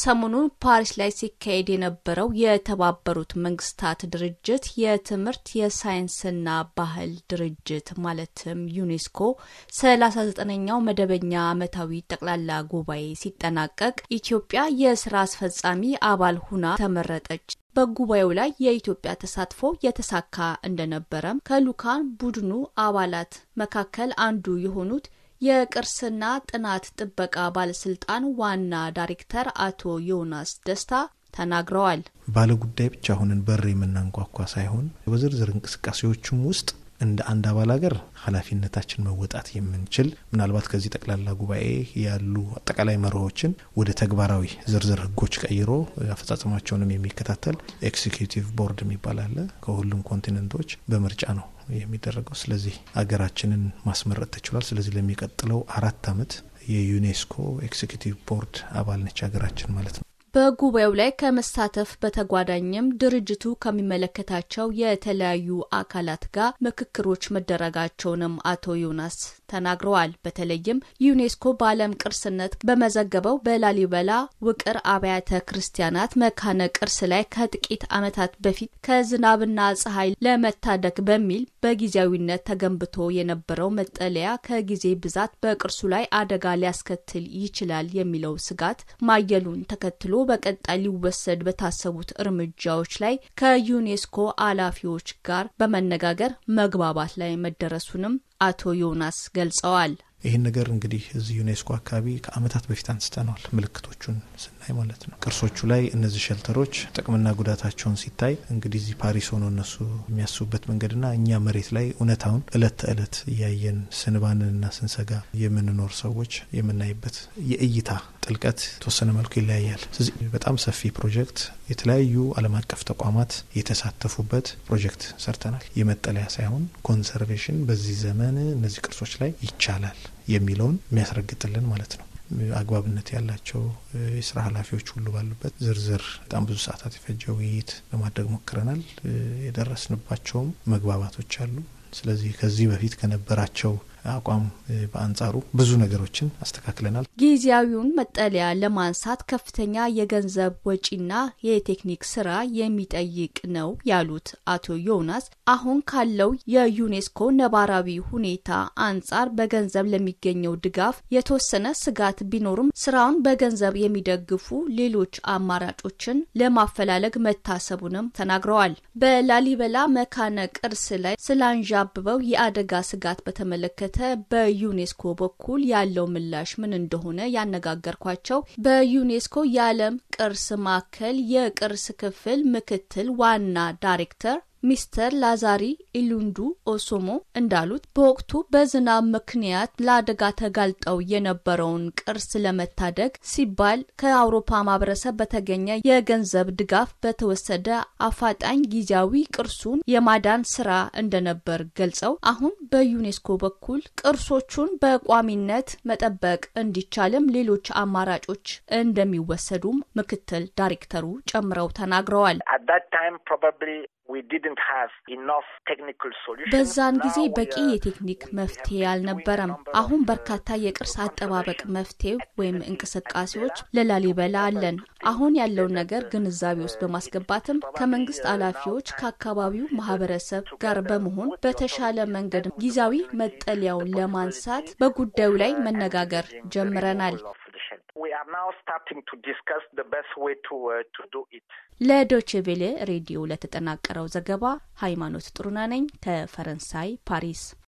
ሰሞኑን ፓሪስ ላይ ሲካሄድ የነበረው የተባበሩት መንግስታት ድርጅት የትምህርት የሳይንስና ባህል ድርጅት ማለትም ዩኔስኮ 39ኛው መደበኛ ዓመታዊ ጠቅላላ ጉባኤ ሲጠናቀቅ ኢትዮጵያ የስራ አስፈጻሚ አባል ሁና ተመረጠች። በጉባኤው ላይ የኢትዮጵያ ተሳትፎ የተሳካ እንደነበረም ከልዑካን ቡድኑ አባላት መካከል አንዱ የሆኑት የቅርስና ጥናት ጥበቃ ባለስልጣን ዋና ዳይሬክተር አቶ ዮናስ ደስታ ተናግረዋል። ባለ ጉዳይ ብቻ አሁንን በር የምናንኳኳ ሳይሆን በዝርዝር እንቅስቃሴዎችም ውስጥ እንደ አንድ አባል ሀገር ኃላፊነታችን መወጣት የምንችል ምናልባት ከዚህ ጠቅላላ ጉባኤ ያሉ አጠቃላይ መርሆችን ወደ ተግባራዊ ዝርዝር ህጎች ቀይሮ አፈጻጸማቸውንም የሚከታተል ኤክስኪቲቭ ቦርድ የሚባል አለ። ከሁሉም ኮንቲነንቶች በምርጫ ነው የሚደረገው። ስለዚህ ሀገራችንን ማስመረጥ ትችሏል። ስለዚህ ለሚቀጥለው አራት አመት የዩኔስኮ ኤክሲኪዩቲቭ ቦርድ አባል ነች ሀገራችን ማለት ነው። በጉባኤው ላይ ከመሳተፍ በተጓዳኝም ድርጅቱ ከሚመለከታቸው የተለያዩ አካላት ጋር ምክክሮች መደረጋቸውንም አቶ ዮናስ ተናግረዋል። በተለይም ዩኔስኮ በዓለም ቅርስነት በመዘገበው በላሊበላ ውቅር አብያተ ክርስቲያናት መካነ ቅርስ ላይ ከጥቂት ዓመታት በፊት ከዝናብና ፀሐይ ለመታደግ በሚል በጊዜያዊነት ተገንብቶ የነበረው መጠለያ ከጊዜ ብዛት በቅርሱ ላይ አደጋ ሊያስከትል ይችላል የሚለው ስጋት ማየሉን ተከትሎ በቀጣይ ሊወሰድ በታሰቡት እርምጃዎች ላይ ከዩኔስኮ ኃላፊዎች ጋር በመነጋገር መግባባት ላይ መደረሱንም አቶ ዮናስ ገልጸዋል። ይህን ነገር እንግዲህ እዚህ ዩኔስኮ አካባቢ ከዓመታት በፊት አንስተነዋል። ምልክቶቹን ስና ላይ ማለት ነው። ቅርሶቹ ላይ እነዚህ ሸልተሮች ጥቅምና ጉዳታቸውን ሲታይ እንግዲህ እዚህ ፓሪስ ሆኖ እነሱ የሚያስቡበት መንገድና እኛ መሬት ላይ እውነታውን እለት ተእለት እያየን ስንባንንና ስንሰጋ የምንኖር ሰዎች የምናይበት የእይታ ጥልቀት የተወሰነ መልኩ ይለያያል። ስለዚህ በጣም ሰፊ ፕሮጀክት የተለያዩ ዓለም አቀፍ ተቋማት የተሳተፉበት ፕሮጀክት ሰርተናል። የመጠለያ ሳይሆን ኮንሰርቬሽን በዚህ ዘመን እነዚህ ቅርሶች ላይ ይቻላል የሚለውን የሚያስረግጥልን ማለት ነው። አግባብነት ያላቸው የስራ ኃላፊዎች ሁሉ ባሉበት ዝርዝር በጣም ብዙ ሰዓታት የፈጀ ውይይት ለማድረግ ሞክረናል። የደረስንባቸውም መግባባቶች አሉ። ስለዚህ ከዚህ በፊት ከነበራቸው አቋም በአንጻሩ ብዙ ነገሮችን አስተካክለናል። ጊዜያዊውን መጠለያ ለማንሳት ከፍተኛ የገንዘብ ወጪና የቴክኒክ ስራ የሚጠይቅ ነው ያሉት አቶ ዮናስ አሁን ካለው የዩኔስኮ ነባራዊ ሁኔታ አንጻር በገንዘብ ለሚገኘው ድጋፍ የተወሰነ ስጋት ቢኖርም ስራውን በገንዘብ የሚደግፉ ሌሎች አማራጮችን ለማፈላለግ መታሰቡንም ተናግረዋል። በላሊበላ መካነ ቅርስ ላይ ስላንዣብበው የአደጋ ስጋት በተመለከተ በተመለከተ በዩኔስኮ በኩል ያለው ምላሽ ምን እንደሆነ ያነጋገርኳቸው በዩኔስኮ የዓለም ቅርስ ማዕከል የቅርስ ክፍል ምክትል ዋና ዳይሬክተር ሚስተር ላዛሪ ኢሉንዱ ኦሶሞ እንዳሉት በወቅቱ በዝናብ ምክንያት ለአደጋ ተጋልጠው የነበረውን ቅርስ ለመታደግ ሲባል ከአውሮፓ ማህበረሰብ በተገኘ የገንዘብ ድጋፍ በተወሰደ አፋጣኝ ጊዜያዊ ቅርሱን የማዳን ስራ እንደነበር ገልጸው አሁን በዩኔስኮ በኩል ቅርሶቹን በቋሚነት መጠበቅ እንዲቻልም ሌሎች አማራጮች እንደሚወሰዱም ምክትል ዳይሬክተሩ ጨምረው ተናግረዋል። በዛን ጊዜ በቂ የቴክኒክ መፍትሄ አልነበረም። አሁን በርካታ የቅርስ አጠባበቅ መፍትሄ ወይም እንቅስቃሴዎች ለላሊበላ አለን። አሁን ያለውን ነገር ግንዛቤ ውስጥ በማስገባትም ከመንግስት ኃላፊዎች ከአካባቢው ማህበረሰብ ጋር በመሆን በተሻለ መንገድ ጊዜያዊ መጠለያውን ለማንሳት በጉዳዩ ላይ መነጋገር ጀምረናል። Uh, ለዶችቬሌ ሬዲዮ ለተጠናቀረው ዘገባ ሃይማኖት ጥሩና ነኝ ከፈረንሳይ ፓሪስ